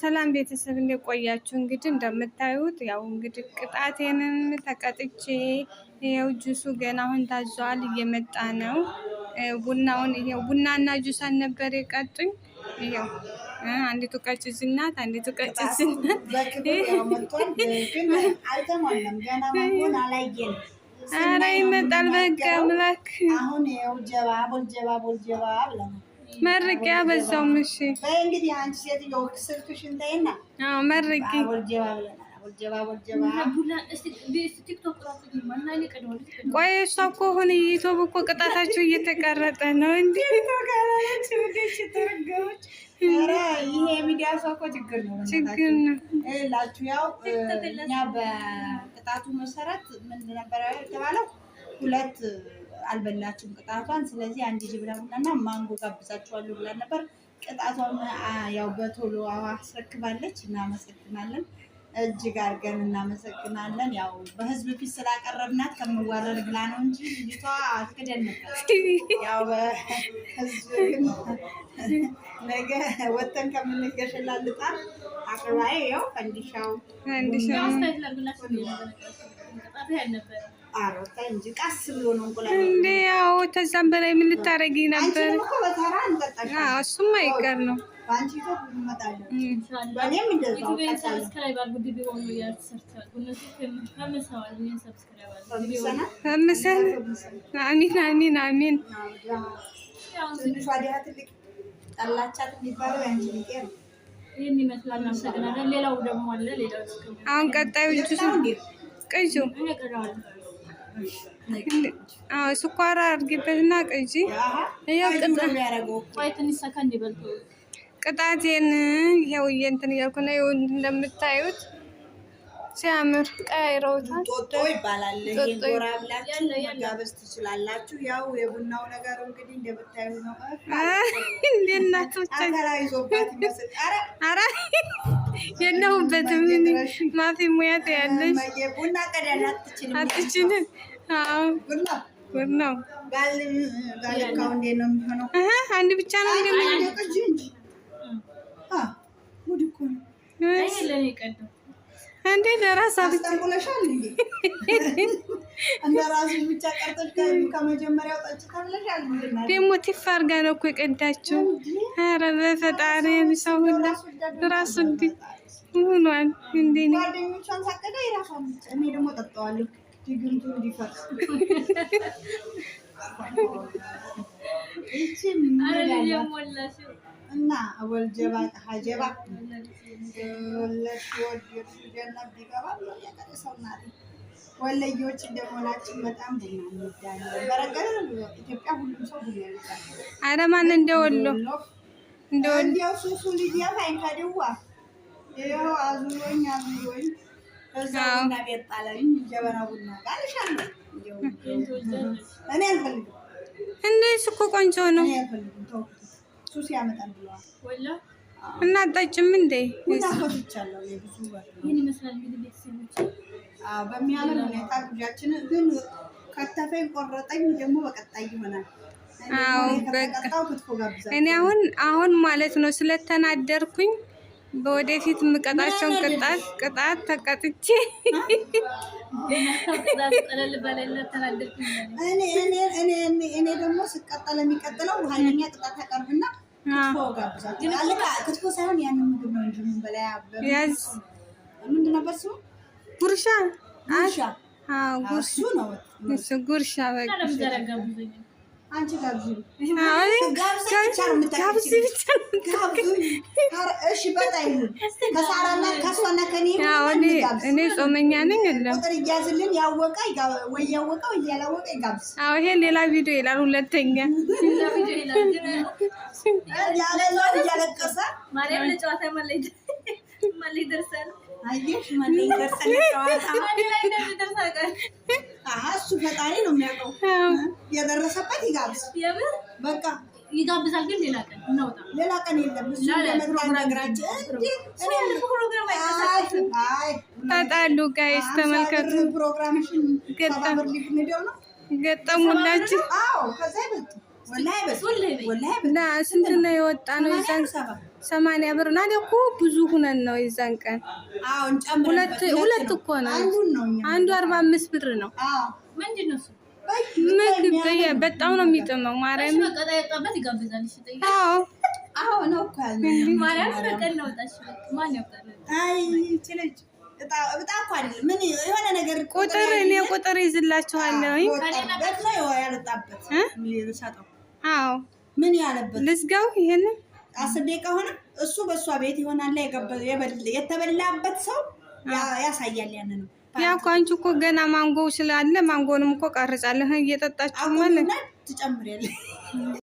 ሰላም ቤተሰብ እንደቆያችሁ እንግዲህ እንደምታዩት ያው እንግዲህ ቅጣቴንም ተቀጥቼ ይኸው ጁሱ ገና አሁን ታዟል፣ እየመጣ ነው። ቡናውን ይኸው ቡናና ጁሳን ነበር የቀጡኝ። ይኸው አንዲቱ ቀጭዝ ናት፣ አንዲቱ ቀጭዝ ናት። ኧረ ይመጣል በቃ አሁን ይኸው መርቂያ በዛውም። እሺ እንግዲህ አንቺ ቆይ እሷ እኮ አሁን ዩቱብ እኮ ቅጣታችሁ እየተቀረጠ ነው። ይሄ ሚዲያ ሰው እኮ ችግር ነው፣ ችግር ነው እላችሁ። ያው እኛ በቅጣቱ መሰረት ምን ነበረ የተባለው ሁለት አልበላችሁም ቅጣቷን። ስለዚህ አንድ ጅ ብላ ማንጎ ጋብዛችኋለሁ ብላ ነበር። ቅጣቷን ያው በቶሎ አስረክባለች። እናመሰግናለን፣ እጅግ አድርገን እናመሰግናለን። ያው በህዝብ ፊት ስላቀረብናት ከምዋረድ ብላ ነው እንጂ ልጅቷ አስክደን ነበር። ያው በህዝብ ነገ ወተን ከምንገሸላልጣ አቅራይ ያው ፈንዲሻው ፈንዲሻው እንዴ ያው ተዛም በላይ ምን ልታረጊ ነበር? እሱም አይቀር ነው። አሚን አሚን አሚን። አሁን ቀጣዮቹ ቅንጩ ስኳር አድርጊበትና ቅጂ ቅጣቴን ይኸው እንትን እያልኩ ነው እንደምታዩት ሲያምር ቀይረውታል። ጦጦ ይባላል። ይሄን ጎራ ብላችሁ መጋበዝ ትችላላችሁ። ያው የቡናው ነገር እንግዲህ እንደምታዩ ነው። ምን ማፊ ሙያ ያለሽ ቡና ቀዳን አትችልም። ቡናው አንድ ብቻ ነው እንደምን እንዴ ለራሳ ብቻለሻል እንደ ራሱ ብቻ ቀርተሽ ከመጀመሪያው ጠጭ ተብለሻል። ደግሞ ቲፍ አርጋ ነው እኮ የቀዳችው። ኧረ በፈጣሪ ሰው ሁላ ራሱ እንዲ ሆኗል። እንዴ ጓደኞቿን ሳቀዳ የራሷን ብቻ እኔ ደግሞ ጠጣዋለሁ። ድግምቱ እንዲፈርስ ይቺ ምን እና ወልጀባ ሀጀባ ወለሽ ወደሽ ጀነት ቢገባ ያቀረ ሰው ናት። ወለዮች እንደመሆናችን በጣም ቡና እንወዳለን። በረገር ኢትዮጵያ ሁሉም ሰው ቡና ይወዳል። ኧረ ማን እንደወሎ እንደወሎ ሱሱ ልጅያ ታይካደዋ ይኸው አዙሮኝ አዙሮኝ እዛ ቡና ቤት ጣለኝ። ጀበና ቡና ጋልሻለሁ። እኔ አልፈልግም። እንዴ እሱ እኮ ቆንጆ ነው። እኔ አልፈልግም። ተው ሱስ ያመጣል ብለዋል። እና አጣጭም እንዴ ይቻለው ብዙ ይህን ይመስላል እንግዲህ ቤተሰቦች በሚያምር ሁኔታ ጉዳችን ግን ከተፈኝ ቆረጠኝ ደግሞ በቀጣይ ይሆናል። እኔ አሁን አሁን ማለት ነው ስለተናደርኩኝ በወደፊት የምቀጣቸውን ቅጣት ቅጣት ተቀጥቼ እኔ ደግሞ ስቀጠል የሚቀጥለው ውሃኛ ቅጣት ተቀርብና ክትፎ ነበር ስሙ? ጉርሻ ጉርሻ ጉርሻ በቃ አንቺ ጋብዙ ጋብዙ ብቻ እሺ። ከሳራና ከሷና ከኔ እኔ ጾመኛ ነኝ። የለም ቁጥር እያዝልን ያወቀ ወይ ያወቀው እያላወቀ ይጋብዝ። አዎ ይሄ ሌላ ቪዲዮ ይላል። ሁለተኛ እያለቀሰ ማለት እሱ ፈጣሪ ነው የሚያውቀው። የደረሰበት ይጋብዝ፣ በቃ ይጋብዛል። ግን ሌላ ቀን እናውጣ፣ ሌላ ቀን የለም። እሱ ነግራችን ታጣሉ። ጋይስ ተመልከቱ፣ ገጠሙላችሁ። ስንት ነው የወጣ ነው? ሰማንያ ብር ና እኮ ብዙ ሁነን ነው የዛን ቀን ሁለት እኮ ነው። አንዱ አርባ አምስት ብር ነው። ምግብ በጣም ነው የሚጥመው ማርያም። ቁጥር እኔ ቁጥር ይዝላችኋለሁኝ። አዎ ልዝጋው ይሄንን አስር ከሆነ እሱ በእሷ ቤት ይሆናል የተበላበት ሰው ያሳያል። ያን ነው ያው እኮ አንቺ እኮ ገና ማንጎ ስላለ ማንጎንም እኮ ቀርጻለህ እየጠጣችሁ ማለት ትጨምሪያለሽ